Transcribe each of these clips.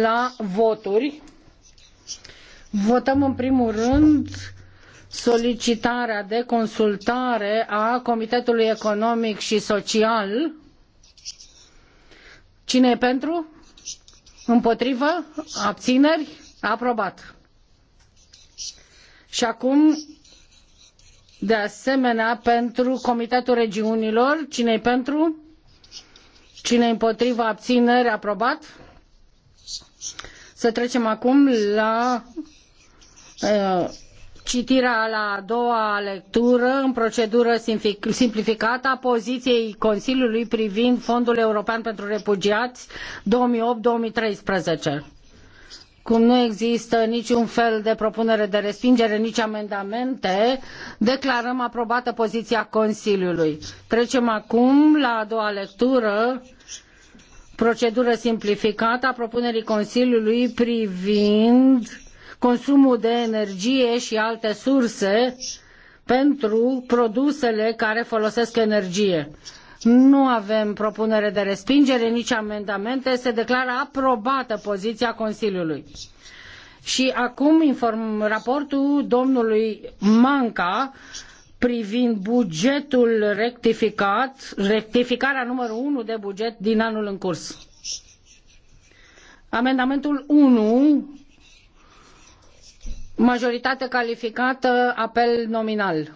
la voturi. Votăm în primul rând solicitarea de consultare a Comitetului Economic și Social. Cine e pentru? Împotrivă? Abțineri? Aprobat. Și acum, de asemenea, pentru Comitetul Regiunilor, cine e pentru? Cine împotrivă? Abțineri? Aprobat. Să trecem acum la uh, citirea la a doua lectură în procedură simplificată a poziției Consiliului privind Fondul European pentru Refugiați 2008-2013. Cum nu există niciun fel de propunere de respingere, nici amendamente, declarăm aprobată poziția Consiliului. Trecem acum la a doua lectură procedură simplificată a propunerii Consiliului privind consumul de energie și alte surse pentru produsele care folosesc energie. Nu avem propunere de respingere, nici amendamente. Se declară aprobată poziția Consiliului. Și acum inform raportul domnului Manca privind bugetul rectificat, rectificarea numărul unu de buget din anul în curs. Amendamentul unu, majoritate calificată, apel nominal.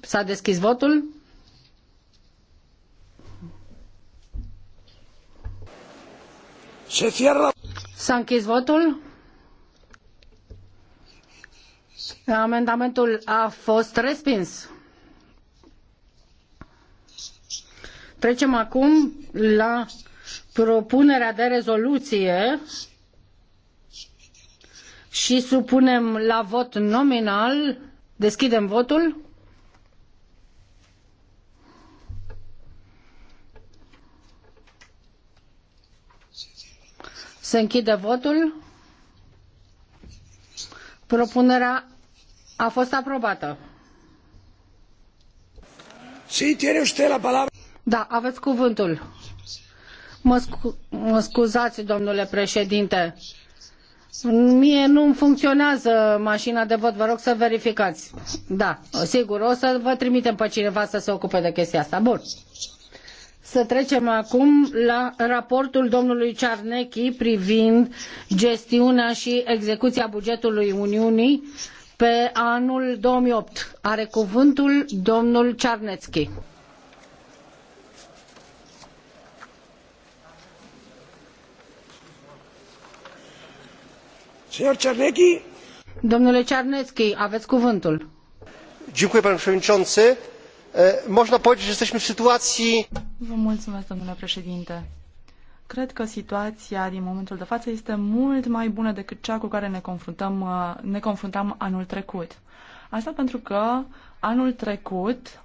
S-a deschis votul. Se S-a închis votul. Amendamentul a fost respins. Trecem acum la propunerea de rezoluție și supunem la vot nominal. Deschidem votul. Se închide votul. Propunerea a fost aprobată. Sí, tiene usted la palabra. Da, aveți cuvântul. Mă, scu- mă scuzați, domnule președinte. Mie nu funcționează mașina de vot, vă rog să verificați. Da, sigur, o să vă trimitem pe cineva să se ocupe de chestia asta. Bun. Să trecem acum la raportul domnului Cearnechi privind gestiunea și execuția bugetului Uniunii pe anul 2008. Are cuvântul domnul Czarnecki. Domnule Czarnecki, aveți cuvântul. Dziękuję panie Można powiedzieć, że jesteśmy w sytuacji. Vă mulțumesc, domnule președinte. Cred că situația din momentul de față este mult mai bună decât cea cu care ne confruntăm, uh, ne confruntam anul trecut. Asta pentru că anul trecut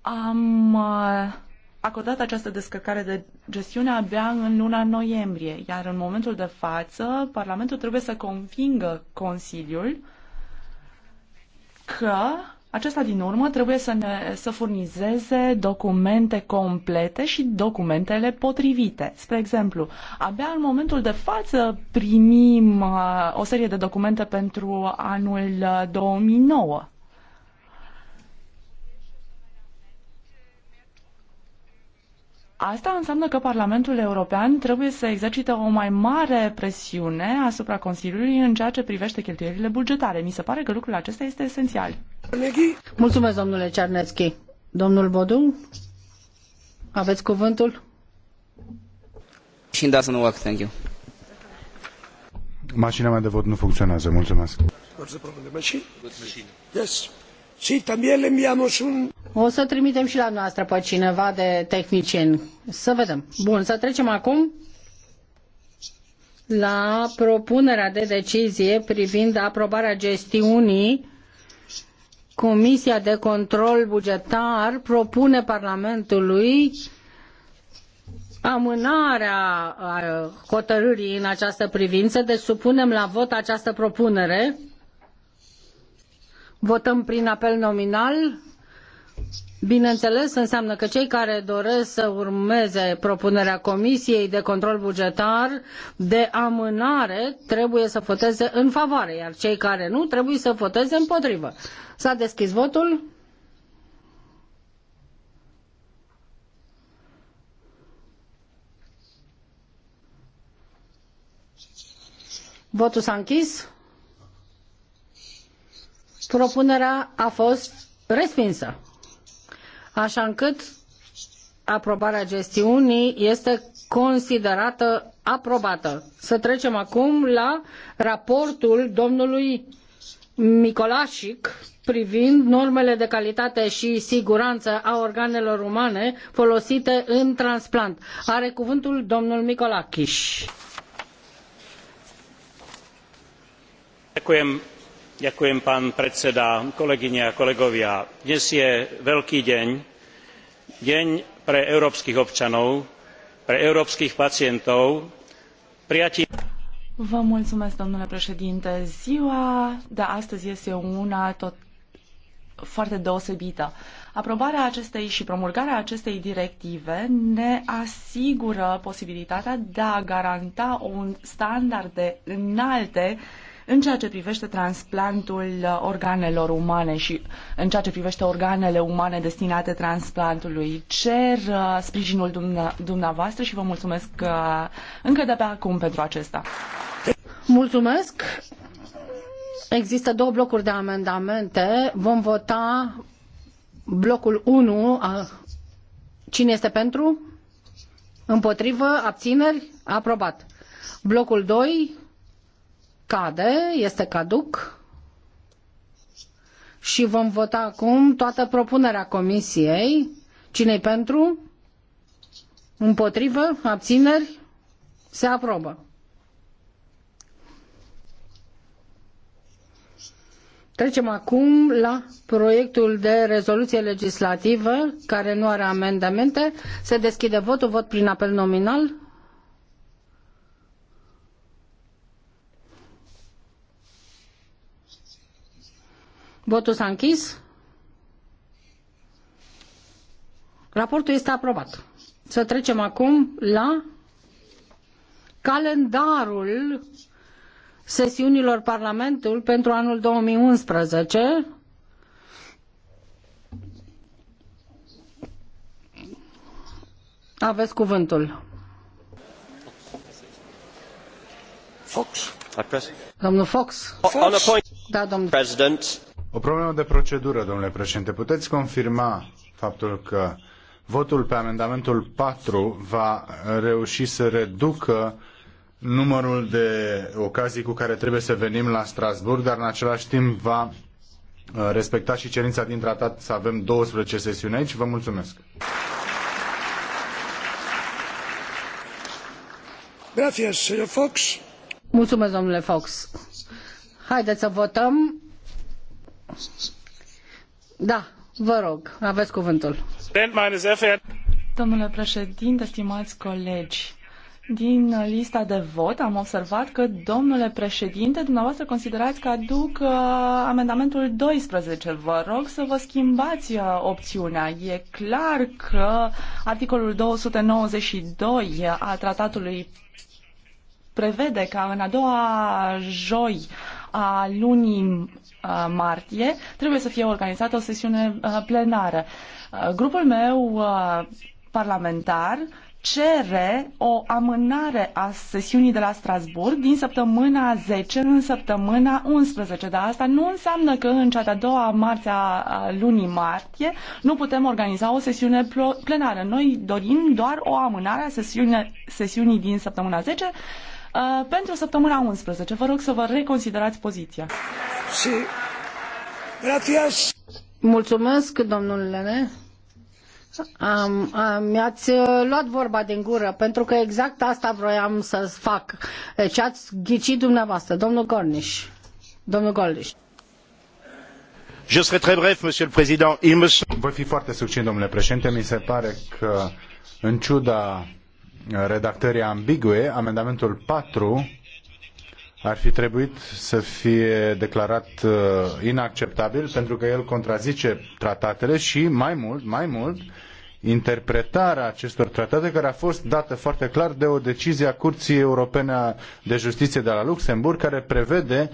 am uh, acordat această descărcare de gestiune abia în luna noiembrie, iar în momentul de față Parlamentul trebuie să convingă Consiliul că acesta, din urmă, trebuie să, ne, să furnizeze documente complete și documentele potrivite. Spre exemplu, abia în momentul de față primim uh, o serie de documente pentru anul 2009. Uh, Asta înseamnă că Parlamentul European trebuie să exercite o mai mare presiune asupra Consiliului în ceea ce privește cheltuielile bugetare. Mi se pare că lucrul acesta este esențial. Mulțumesc, domnule Cerneschi. Domnul Bodu, aveți cuvântul? Și da, să nu work, thank you. Mașina mea de vot nu funcționează, mulțumesc. Yes también le enviamos un... O să trimitem și la noastră pe cineva de tehnicieni. Să vedem. Bun, să trecem acum la propunerea de decizie privind aprobarea gestiunii Comisia de Control Bugetar propune Parlamentului amânarea hotărârii în această privință, deci supunem la vot această propunere. Votăm prin apel nominal. Bineînțeles, înseamnă că cei care doresc să urmeze propunerea Comisiei de Control Bugetar de amânare trebuie să voteze în favoare, iar cei care nu trebuie să voteze împotrivă. S-a deschis votul. Votul s-a închis. Propunerea a fost respinsă, așa încât aprobarea gestiunii este considerată aprobată. Să trecem acum la raportul domnului Micolașic privind normele de calitate și siguranță a organelor umane folosite în transplant. Are cuvântul domnul Micolachiș dnes je veľký deň deň pre európskych občanov pre európskych pacientov prijatím. Vă mulțumesc, domnule președinte. Ziua de astăzi este una tot foarte deosebită. Aprobarea acestei și promulgarea acestei directive ne asigură posibilitatea de a garanta un standard de înalte în ceea ce privește transplantul uh, organelor umane și în ceea ce privește organele umane destinate transplantului, cer uh, sprijinul dumneavoastră și vă mulțumesc uh, încă de pe acum pentru acesta. Mulțumesc. Există două blocuri de amendamente. Vom vota blocul 1. Cine este pentru? Împotrivă? Abțineri? Aprobat. Blocul 2 cade, este caduc și vom vota acum toată propunerea comisiei. Cine-i pentru? Împotrivă? Abțineri? Se aprobă. Trecem acum la proiectul de rezoluție legislativă care nu are amendamente. Se deschide votul, vot prin apel nominal. Votul s-a închis. Raportul este aprobat. Să trecem acum la calendarul sesiunilor Parlamentului pentru anul 2011. Aveți cuvântul. Fox. Domnul Fox. Fox. Da, domnul President. O problemă de procedură, domnule președinte. Puteți confirma faptul că votul pe amendamentul 4 va reuși să reducă numărul de ocazii cu care trebuie să venim la Strasbourg, dar în același timp va uh, respecta și cerința din tratat să avem 12 sesiuni aici. Vă mulțumesc. Gracias, Fox. Mulțumesc, domnule Fox. Haideți să votăm da, vă rog, cuvântul. Domnule președinte, stimați colegi, din lista de vot am observat că, domnule președinte, dumneavoastră considerați că aduc uh, amendamentul 12. Vă rog să vă schimbați uh, opțiunea. E clar că articolul 292 uh, a tratatului prevede ca în a doua joi uh, a lunii uh, martie trebuie să fie organizată o sesiune uh, plenară. Uh, grupul meu parlamentar cere o amânare a sesiunii de la Strasburg din săptămâna 10 în săptămâna 11, dar asta nu înseamnă că în cea de-a doua marți a lunii martie nu putem organiza o sesiune plenară. Noi dorim doar o amânare a sesiune, sesiunii din săptămâna 10 uh, pentru săptămâna 11. Vă rog să vă reconsiderați poziția. Și... Mulțumesc, domnule Lene. Am, am, mi-ați uh, luat vorba din gură, pentru că exact asta vroiam să fac. Deci ați ghicit dumneavoastră, domnul Gorniș. Domnul Gorniș. Je serai très bref, monsieur le président. Il me... Voi fi foarte succint, domnule președinte. Mi se pare că, în ciuda redactării ambigue, amendamentul 4 ar fi trebuit să fie declarat uh, inacceptabil pentru că el contrazice tratatele și mai mult, mai mult, interpretarea acestor tratate care a fost dată foarte clar de o decizie a Curții Europene de Justiție de la Luxemburg care prevede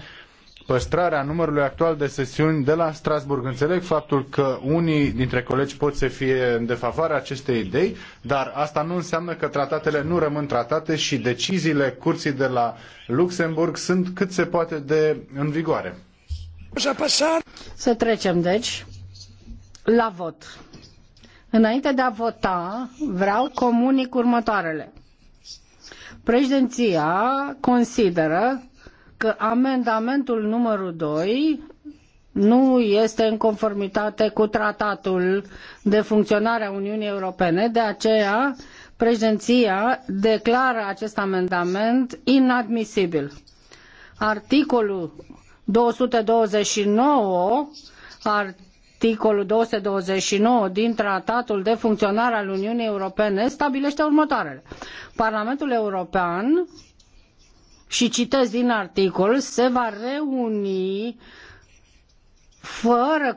păstrarea numărului actual de sesiuni de la Strasbourg. Înțeleg faptul că unii dintre colegi pot să fie în defavoarea acestei idei, dar asta nu înseamnă că tratatele nu rămân tratate și deciziile curții de la Luxemburg sunt cât se poate de în vigoare. Să trecem, deci, la vot. Înainte de a vota, vreau comunic următoarele. Președinția consideră că amendamentul numărul doi nu este în conformitate cu tratatul de funcționare a Uniunii Europene, de aceea președinția declară acest amendament inadmisibil. Articolul 229 Articolul 229 din Tratatul de Funcționare al Uniunii Europene stabilește următoarele. Parlamentul European și citez din articol, se va reuni fără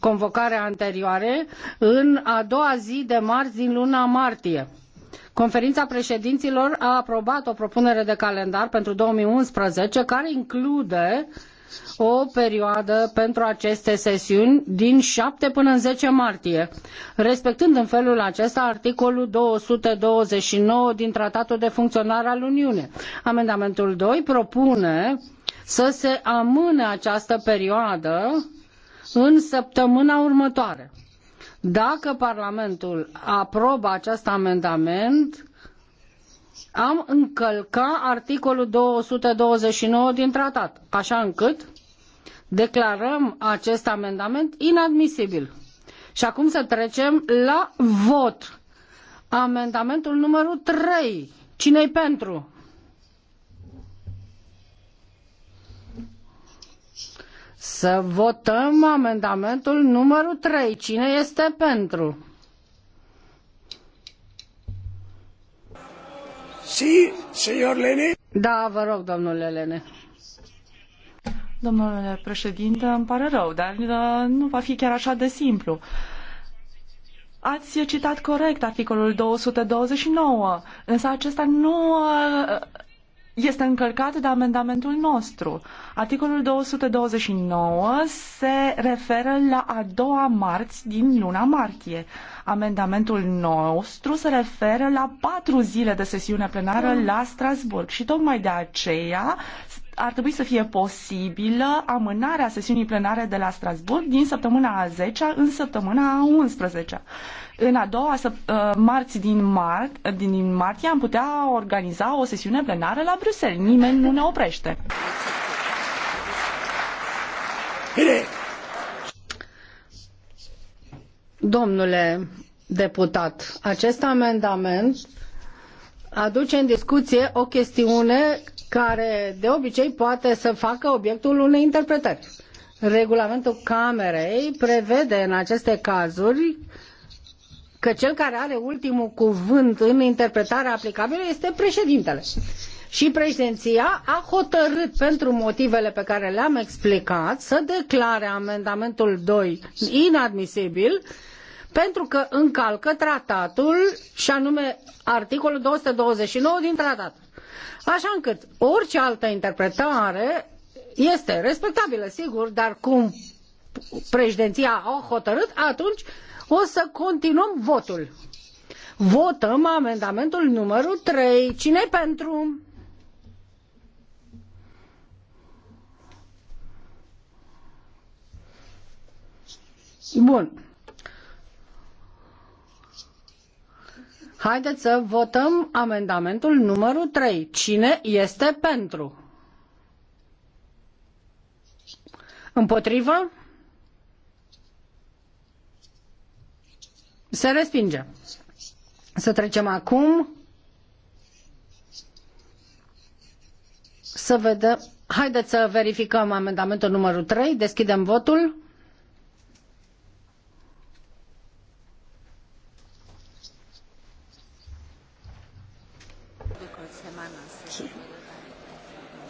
convocare anterioare în a doua zi de marți din luna martie. Conferința președinților a aprobat o propunere de calendar pentru 2011 care include uh, o perioadă pentru aceste sesiuni din 7 până în 10 martie, respectând în felul acesta articolul 229 din Tratatul de Funcționare al Uniunii. Amendamentul 2 propune să se amâne această perioadă în săptămâna următoare. Dacă Parlamentul aprobă acest amendament, am încălca articolul 229 din tratat, așa încât declarăm acest amendament inadmisibil. Și acum să trecem la vot. Amendamentul numărul 3. Cine-i pentru? Să votăm amendamentul numărul 3. Cine este pentru? Lene. Da, vă rog, domnule Lene. Domnule președinte, îmi pare rău, dar uh, nu va fi chiar așa de simplu. Ați citat corect articolul 229, însă acesta nu uh, este încălcat de amendamentul nostru. Articolul 229 se referă la a doua marți din luna martie. Amendamentul nostru se referă la patru zile de sesiune plenară da. la Strasburg și tocmai de aceea ar trebui să fie posibilă amânarea sesiunii plenare de la Strasburg din săptămâna a 10 în săptămâna a 11 în a doua uh, marți din, mar, din martie am putea organiza o sesiune plenară la Bruxelles. Nimeni nu ne oprește. it! Domnule deputat, acest amendament aduce în discuție o chestiune care de obicei poate să facă obiectul unei interpretări. Regulamentul Camerei prevede în aceste cazuri că cel care are ultimul cuvânt în interpretarea aplicabilă este președintele. Și președinția a hotărât, pentru motivele pe care le-am explicat, să declare amendamentul 2 inadmisibil uh, pentru că încalcă tratatul și anume articolul 229 din tratat. Așa încât orice altă interpretare este respectabilă, sigur, dar cum președinția a hotărât, atunci o să continuăm votul. Votăm amendamentul numărul 3. cine pentru? Bun. Haideți să votăm amendamentul numărul 3. Cine este pentru? Împotrivă? Se respinge. Să trecem acum să vedem. Haideți să verificăm amendamentul numărul 3. Deschidem votul.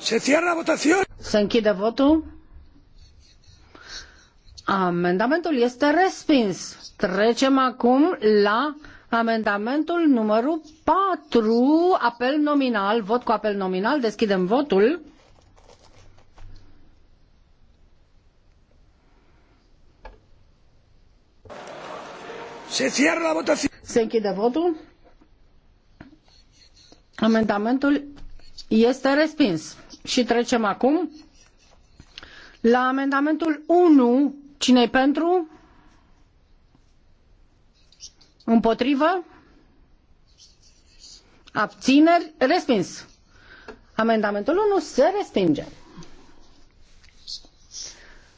Se cierra votación. Se închide votul. Amendamentul este respins. Trecem acum la amendamentul numărul 4, apel nominal, vot cu apel nominal. Deschidem votul. Se cierra votación. Se închide votul. Amendamentul este respins. Și trecem acum la amendamentul 1. Cine-i pentru? Împotrivă? Abțineri? Respins. Amendamentul 1 se respinge.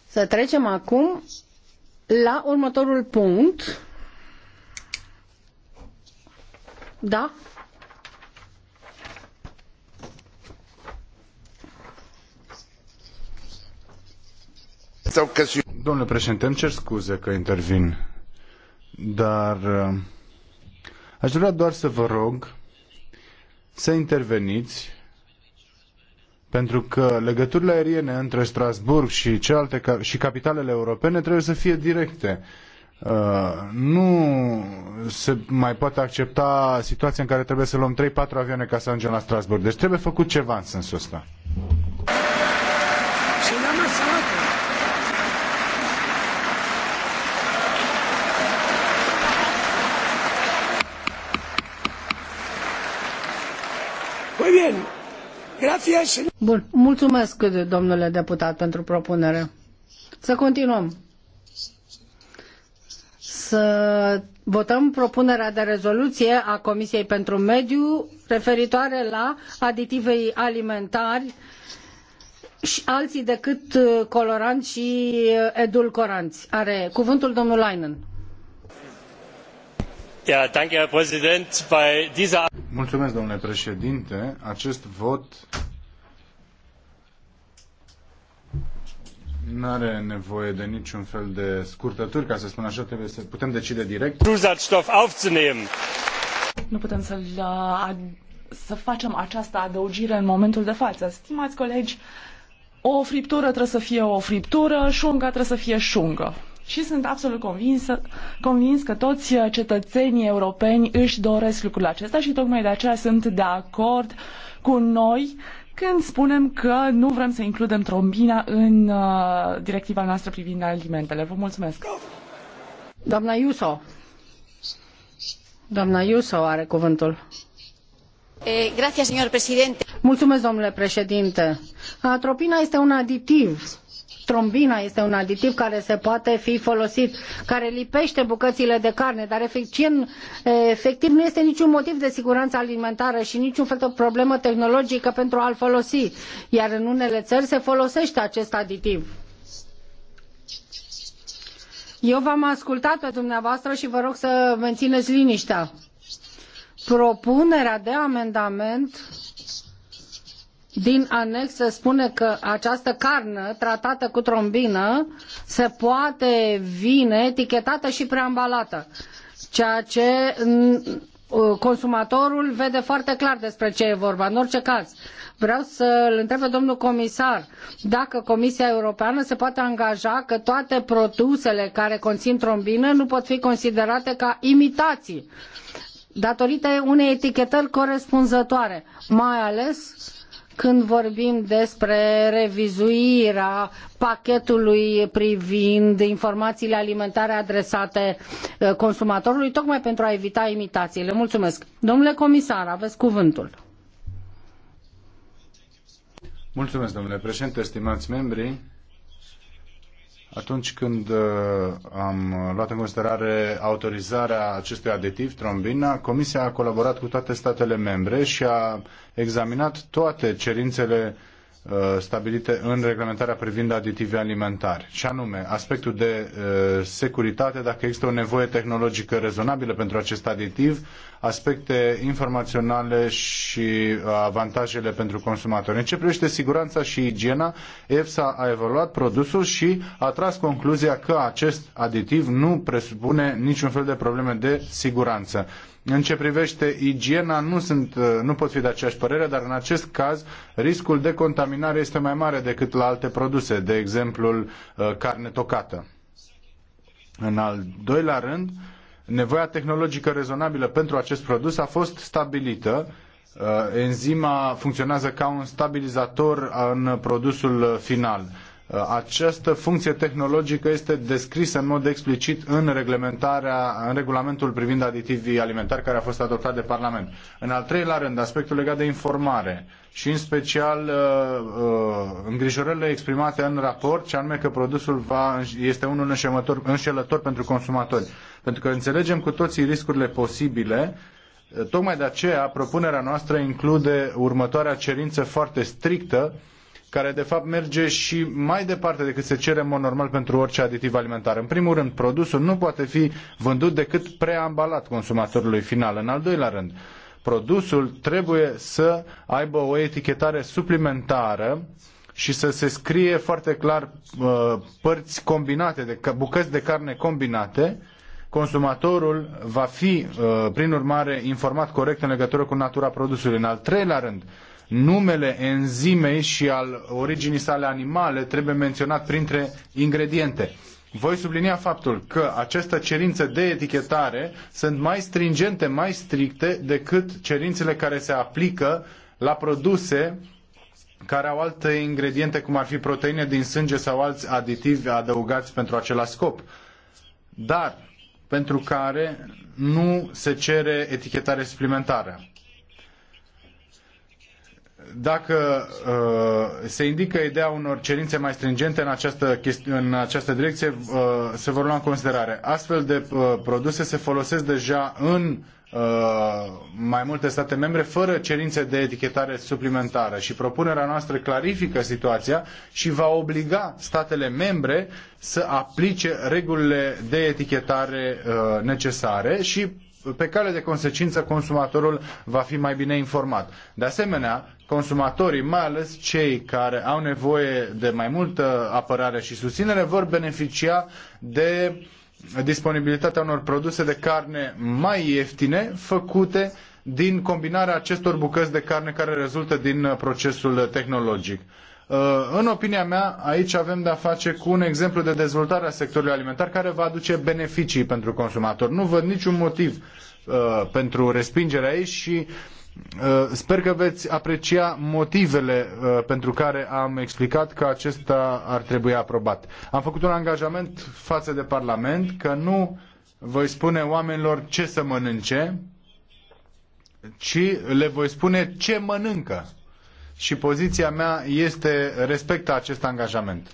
Să trecem acum la următorul punct. Da? Domnule președinte, îmi cer scuze că intervin, dar uh, aș vrea doar să vă rog să interveniți pentru că legăturile aeriene între Strasburg și celelalte și capitalele europene trebuie să fie directe. Uh, nu se mai poate accepta situația în care trebuie să luăm 3-4 avioane ca să ajungem la Strasburg. Deci trebuie făcut ceva în sensul ăsta. Bun, mulțumesc, domnule deputat, pentru propunere. Să continuăm. Să votăm propunerea de rezoluție a Comisiei pentru Mediu referitoare la aditivei alimentari și alții decât coloranți și edulcoranți. Are cuvântul domnul Leinen. Mulțumesc, domnule președinte. Acest vot Nu are nevoie de niciun fel de scurtături, ca să spun așa, trebuie să putem decide direct. Zusatzstoff aufzunehmen. Nu putem să uh, să facem această adăugire în momentul de față. Stimați colegi, o friptură trebuie să fie o friptură, șunga trebuie să fie șungă. Și sunt absolut convinsă, convins că toți uh, cetățenii europeni își doresc lucrul acesta și tocmai de aceea sunt de acord cu noi când spunem că nu vrem să includem trombina în uh, directiva noastră privind alimentele. Vă mulțumesc. Doamna Iuso. Doamna Iuso are cuvântul. Eh, mulțumesc, domnule președinte. Atropina este un aditiv trombina este un aditiv care se poate fi folosit, care lipește bucățile de carne, dar eficient, efectiv nu este niciun motiv de siguranță alimentară și niciun fel de problemă tehnologică pentru a-l folosi, iar în unele țări se folosește acest aditiv. Eu v-am ascultat pe dumneavoastră și vă rog să mențineți liniștea. Propunerea de amendament din anexă spune că această carne tratată cu trombină se poate vine etichetată și preambalată, ceea ce mm, uh, consumatorul vede foarte clar despre ce e vorba. În orice caz, vreau să îl întreb pe domnul comisar dacă Comisia Europeană se poate angaja că toate produsele care conțin trombină nu pot fi considerate ca imitații datorită unei etichetări corespunzătoare, mai ales când vorbim despre revizuirea pachetului privind informațiile alimentare adresate uh, consumatorului, tocmai pentru a evita imitațiile. Mulțumesc. Domnule comisar, aveți cuvântul. Mulțumesc, domnule președinte, stimați membri atunci când uh, am luat în considerare autorizarea acestui aditiv, trombina, Comisia a colaborat cu toate statele membre și a examinat toate cerințele Uh, stabilite în reglementarea privind aditive alimentare. Și anume, aspectul de uh, securitate, dacă există o nevoie tehnologică rezonabilă pentru acest aditiv, aspecte informaționale și uh, avantajele pentru consumatori. În ce privește siguranța și igiena, EFSA a evaluat produsul și a tras concluzia că acest aditiv nu presupune niciun fel de probleme de siguranță. În ce privește igiena, nu, sunt, nu pot fi de aceeași părere, dar în acest caz riscul de contaminare este mai mare decât la alte produse, de exemplu uh, carne tocată. În al doilea rând, nevoia tehnologică rezonabilă pentru acest produs a fost stabilită. Uh, enzima funcționează ca un stabilizator în produsul final Uh, această funcție tehnologică este descrisă în mod explicit în, reglementarea, în regulamentul privind aditivii alimentari care a fost adoptat de Parlament. În al treilea rând, aspectul legat de informare și în special uh, uh, îngrijorările exprimate în raport, și anume că produsul va, este unul înșelător, înșelător pentru consumatori. Pentru că înțelegem cu toții riscurile posibile Tocmai de aceea, propunerea noastră include următoarea cerință foarte strictă care de fapt merge și mai departe decât se cere în mod normal pentru orice aditiv alimentar. În primul rând, produsul nu poate fi vândut decât preambalat consumatorului final. În al doilea rând, produsul trebuie să aibă o etichetare suplimentară și să se scrie foarte clar uh, părți combinate, de, bucăți de carne combinate, consumatorul va fi, uh, prin urmare, informat corect în legătură cu natura produsului. În al treilea rând, uh, numele enzimei și al originii sale animale trebuie menționat printre ingrediente. Voi sublinia faptul că această cerință de etichetare sunt mai stringente, mai stricte decât cerințele care se aplică la produse care au alte ingrediente, cum ar fi proteine din sânge sau alți aditivi adăugați pentru același scop, dar pentru care nu se cere etichetare suplimentară dacă uh, se indică ideea unor cerințe mai stringente în această, în această direcție, uh, se vor lua în considerare. Astfel de uh, produse se folosesc deja în uh, mai multe state membre fără cerințe de etichetare suplimentară și propunerea noastră clarifică situația și va obliga statele membre să aplice regulile de etichetare uh, necesare și pe cale de consecință consumatorul va fi mai bine informat. De asemenea, consumatorii, mai ales cei care au nevoie de mai multă apărare și susținere, vor beneficia de disponibilitatea unor produse de carne mai ieftine, făcute din combinarea acestor bucăți de carne care rezultă din procesul tehnologic. Uh, în opinia mea, aici avem de-a face cu un exemplu de dezvoltare a sectorului alimentar care va aduce beneficii pentru consumator. Nu văd niciun motiv uh, pentru respingerea ei și uh, Uh, sper că veți aprecia motivele uh, pentru care am explicat că acesta ar trebui aprobat. Am făcut un angajament față de Parlament că nu voi spune oamenilor ce să mănânce, ci le voi spune ce mănâncă. Și poziția mea este respectă acest angajament.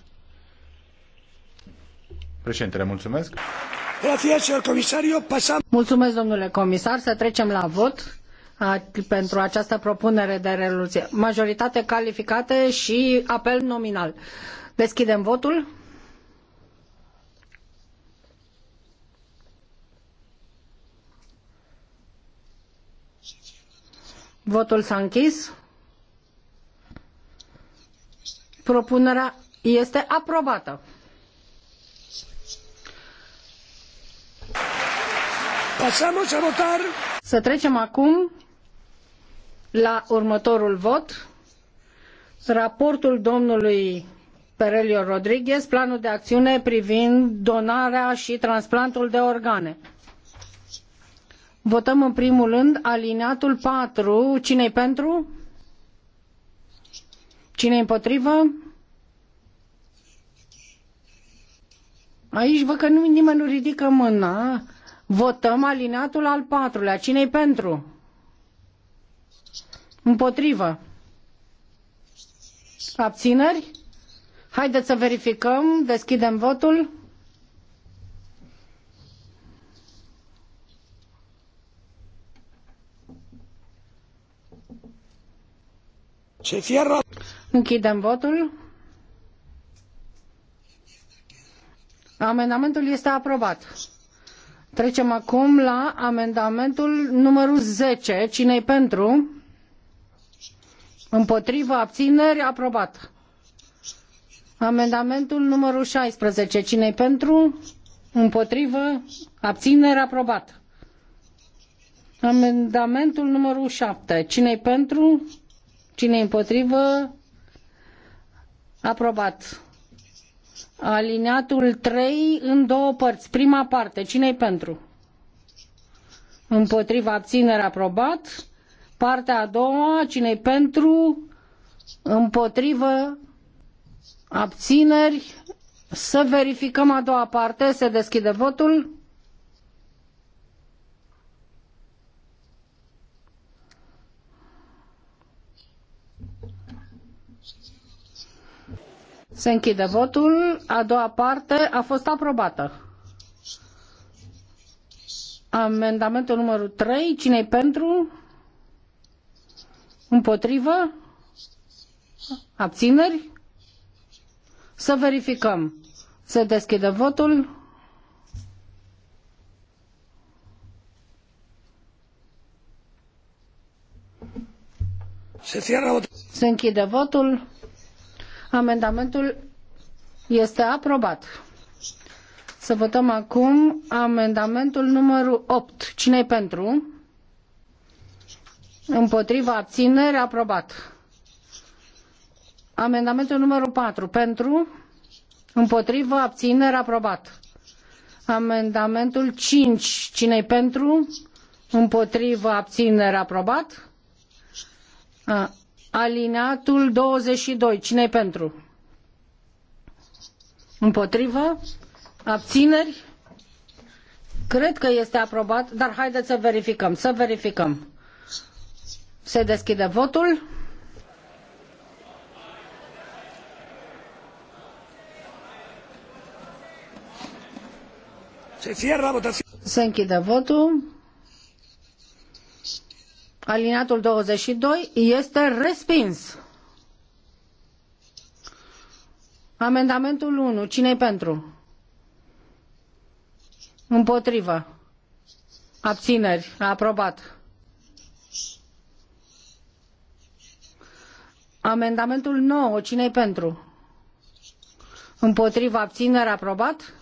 Președintele, mulțumesc. Mulțumesc, domnule comisar. Să trecem la vot pentru această propunere de rezoluție. Majoritate calificată și apel nominal. Deschidem votul. Votul s-a închis. Propunerea este aprobată. Pasamos a votar. Să trecem acum la următorul vot raportul domnului Perelio Rodriguez, planul de acțiune privind donarea și transplantul de organe. Votăm în primul rând alineatul patru. Cine-i pentru? Cine-i împotrivă? Aici văd că nimeni nu ridică mâna. Votăm alineatul al patrulea. Cine-i pentru? Împotrivă. Abțineri? Haideți să verificăm. Deschidem votul. Ce fierro? Închidem votul. Amendamentul este aprobat. Trecem acum la amendamentul numărul zece. Cine-i pentru? Împotrivă, abțineri, aprobat. Amendamentul numărul 16. cine pentru? Împotrivă, abțineri, aprobat. Amendamentul numărul 7. cine pentru? cine împotrivă? Aprobat. Alineatul 3 în două părți. Prima parte. cine pentru? Împotriva abținere aprobat. Partea a doua, cine pentru, împotrivă, abțineri. Să verificăm a doua parte, se deschide votul. Se închide votul. A doua parte a fost aprobată. Amendamentul numărul 3. cine pentru? Împotrivă? Abțineri? Să verificăm. Se deschide votul. Se, Se închide votul. Amendamentul este aprobat. Să votăm acum amendamentul numărul opt. Cine-i pentru? Împotriva abțineri, aprobat. Amendamentul numărul patru Pentru? Împotrivă, abțineri, aprobat. Amendamentul cinci Cine-i pentru? Împotrivă, abțineri, aprobat. Alineatul 22. Cine-i pentru? Împotrivă? Abțineri? Cred că este aprobat, dar haideți să verificăm. Să verificăm. Se deschide votul. Se Se închide votul. Alinatul 22 este respins. Amendamentul 1. Cine-i pentru? Împotrivă. Abțineri. Aprobat. Amendamentul 9, cine pentru? Împotriva abținere aprobat?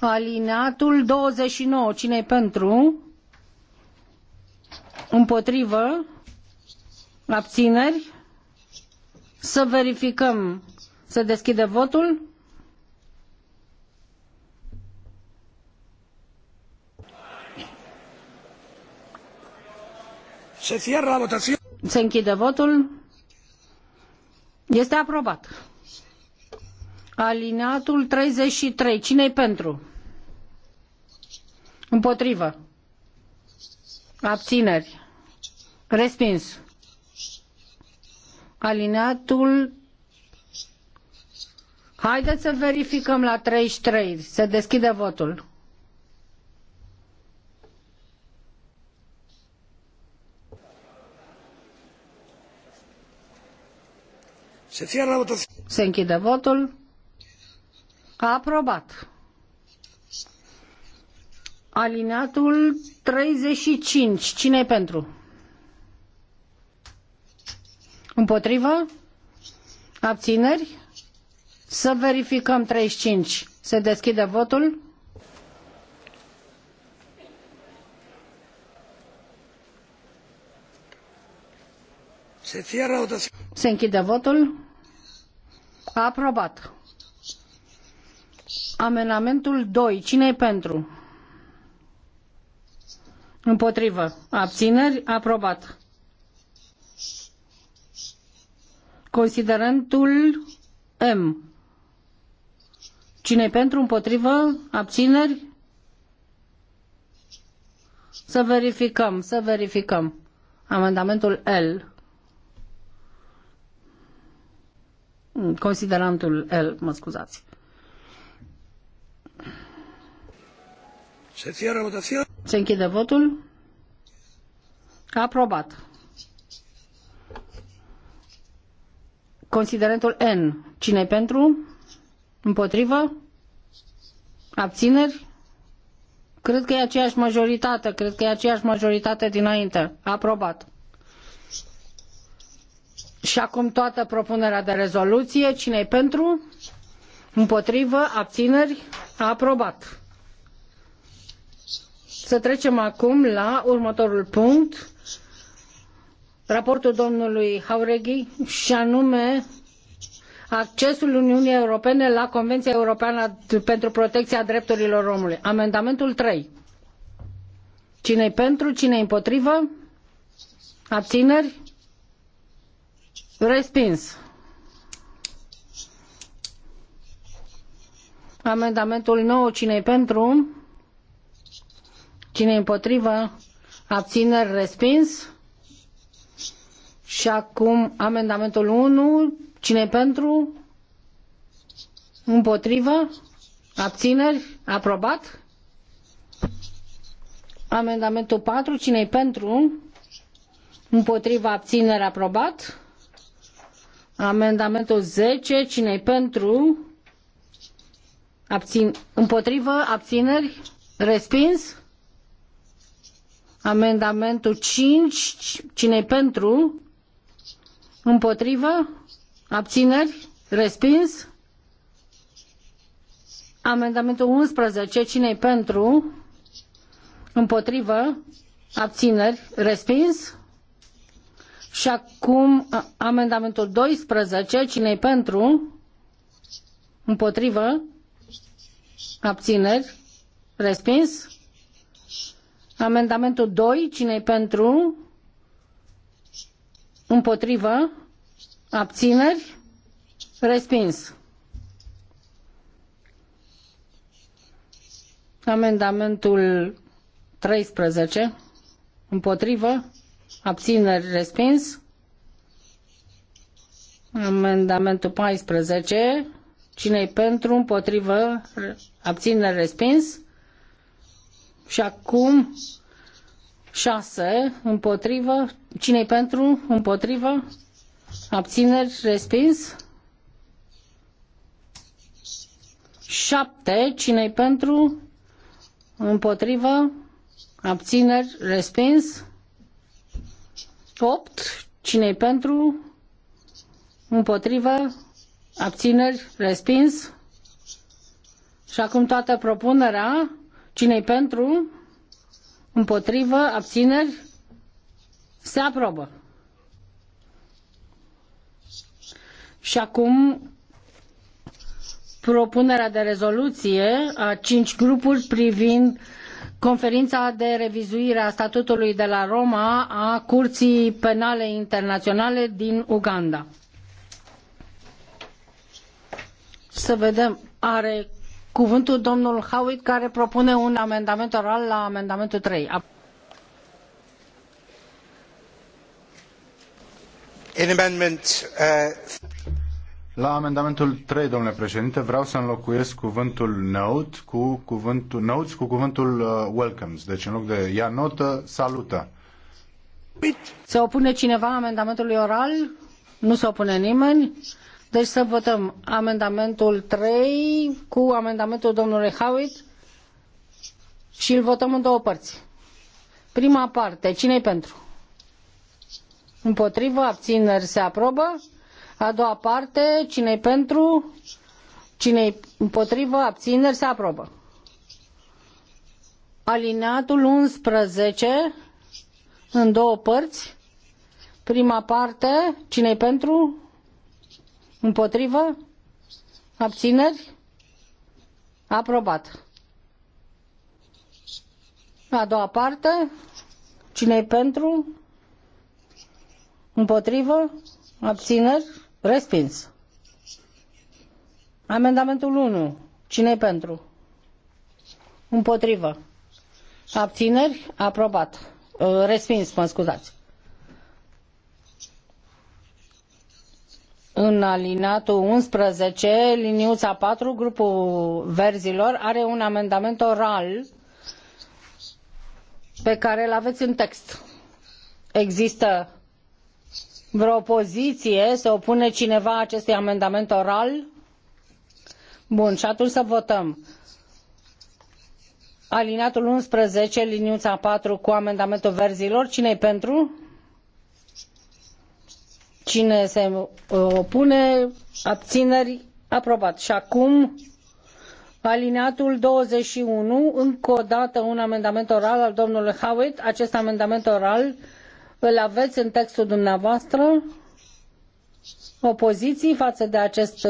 Alineatul 29, cine pentru? Împotrivă? Abțineri? Să verificăm. să deschide votul? Se cierra la votación. Se închide votul. Este aprobat. Alineatul 33. Cine-i pentru? Împotrivă. Abțineri. Respins. Alineatul Haideți să verificăm la 33. Se deschide votul. Se cierra votația. Se închide votul. aprobat. Alineatul 35. Cine e pentru? Împotrivă? Abțineri? Să verificăm 35. Se deschide votul. Se cierra votația. Se închide votul. Aprobat. Amenamentul 2. Cine e pentru? Împotrivă. Abțineri. Aprobat. Considerentul M. Cine pentru, împotrivă, abțineri? Să verificăm, să verificăm. Amendamentul L. Considerantul L, mă scuzați. Se cierra votația. Se închide votul. Aprobat. Considerentul N. cine pentru? Împotrivă? Abțineri? Cred că e aceeași majoritate, cred că e aceeași majoritate dinainte. Aprobat. Și acum toată propunerea de rezoluție. cine e pentru? Împotrivă? Abțineri? Aprobat. Să trecem acum la următorul punct. Raportul domnului Haureghi și anume accesul Uniunii Europene la Convenția Europeană pentru Protecția Drepturilor Omului. Amendamentul 3. Cine-i pentru? Cine-i împotrivă? Abțineri? Respins. Amendamentul 9, cine pentru? cine împotrivă? Abțineri, respins. Și acum amendamentul 1, cine pentru? Împotrivă? Abțineri? Aprobat? Amendamentul 4, cine pentru? Împotriva abțineri aprobat. Amendamentul 10, cine-i pentru? Abțin... Împotrivă? Abțineri? Respins? Amendamentul 5, cine-i pentru? Împotrivă? Abțineri? Respins? Amendamentul 11, cine-i pentru? Împotrivă? Abțineri? Respins? Și acum amendamentul 12, cine-i pentru? Împotrivă? Abțineri? Respins? Amendamentul 2, cine-i pentru? Împotrivă? Abțineri? Respins. Amendamentul 13, împotrivă? abțineri respins. Amendamentul 14. Cine-i pentru, împotrivă, abțineri respins. Și acum 6. Împotrivă. Cine-i pentru, împotrivă, abțineri respins. 7. Cine-i pentru, împotrivă, abțineri respins. 8. cine pentru? Împotrivă? Abțineri? Respins? Și acum toată propunerea. Cine-i pentru? Împotrivă? Abțineri? Se aprobă. Și acum propunerea de rezoluție a cinci grupuri privind conferința de revizuire a statutului de la Roma a Curții Penale Internaționale din Uganda. Să vedem, are cuvântul domnul Howitt care propune un amendament oral la amendamentul 3. In amendment, uh... La amendamentul 3, domnule președinte, vreau să înlocuiesc cuvântul note cu cuvântul, notes cu cuvântul uh, welcomes. Deci în loc de ia notă, salută. Se opune cineva amendamentului oral? Nu se opune nimeni. Deci să votăm amendamentul 3 cu amendamentul domnului Howitt și îl votăm în două părți. Prima parte, cine e pentru? Împotrivă, abțineri se aprobă. A doua parte, cine-i pentru, cine-i împotrivă, abțineri, se aprobă. Alineatul 11, în două părți. Prima parte, cine-i pentru, împotrivă, abțineri, aprobat. A doua parte, cine-i pentru, împotrivă, abțineri, Respins. Amendamentul 1. Cine-i pentru? Împotrivă. Abțineri? Aprobat. Uh, respins, mă scuzați. În alinatul 11, liniuța 4, grupul verzilor are un amendament oral pe care îl aveți în text. Există vreo poziție, se opune cineva acestui amendament oral? Bun, și atunci să votăm. Alineatul 11, liniuța 4 cu amendamentul verzilor. Cine-i pentru? Cine se uh, opune? Abțineri? Aprobat. Și acum alineatul 21, încă o dată un amendament oral al domnului Howitt. Acest amendament oral uh, îl aveți în textul dumneavoastră? Opoziții față de acest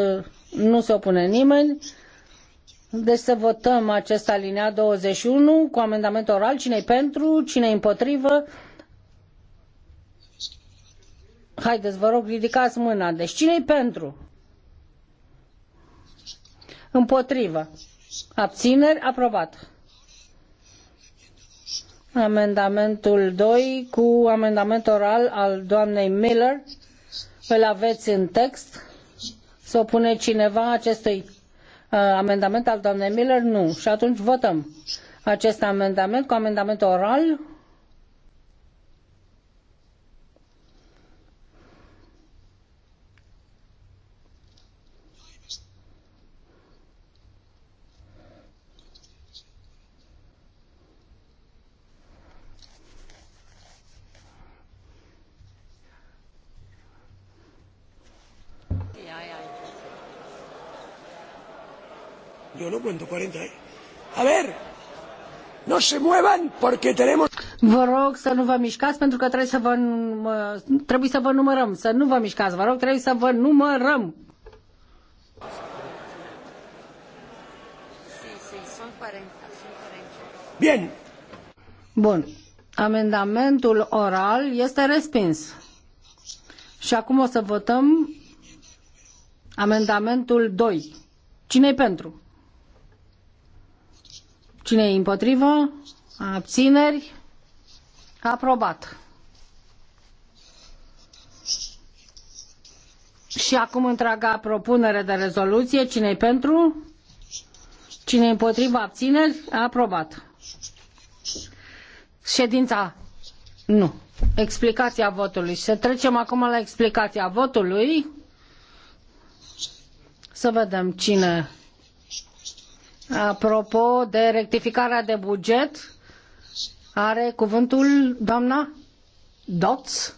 nu se opune nimeni. Deci să votăm acest alineat 21 cu amendament oral. cine pentru? cine împotrivă? Haideți, vă rog, ridicați mâna. Deci cine pentru? Împotrivă. Abțineri? Aprobat. Amendamentul 2 cu amendament oral al doamnei Miller. Îl aveți în text? Să opune cineva acestui uh, amendament al doamnei Miller? Nu. Și atunci votăm acest amendament cu amendament oral cuento, 40 años. A ver, no se muevan porque tenemos... Vă rog să nu vă mișcați pentru că trebuie să vă, trebuie să vă numărăm. Să nu vă mișcați, vă rog, trebuie să vă numărăm. Bien. Bun. Amendamentul oral este respins. Și acum o să votăm amendamentul 2. Cine-i pentru? Cine e împotrivă? Abțineri? Aprobat. Și acum întreaga propunere de rezoluție. cine e pentru? cine e împotriva? Abțineri? Aprobat. Ședința? Nu. Explicația votului. Să trecem acum la explicația votului. Să vedem cine Apropo de rectificarea de buget, are cuvântul doamna Dots.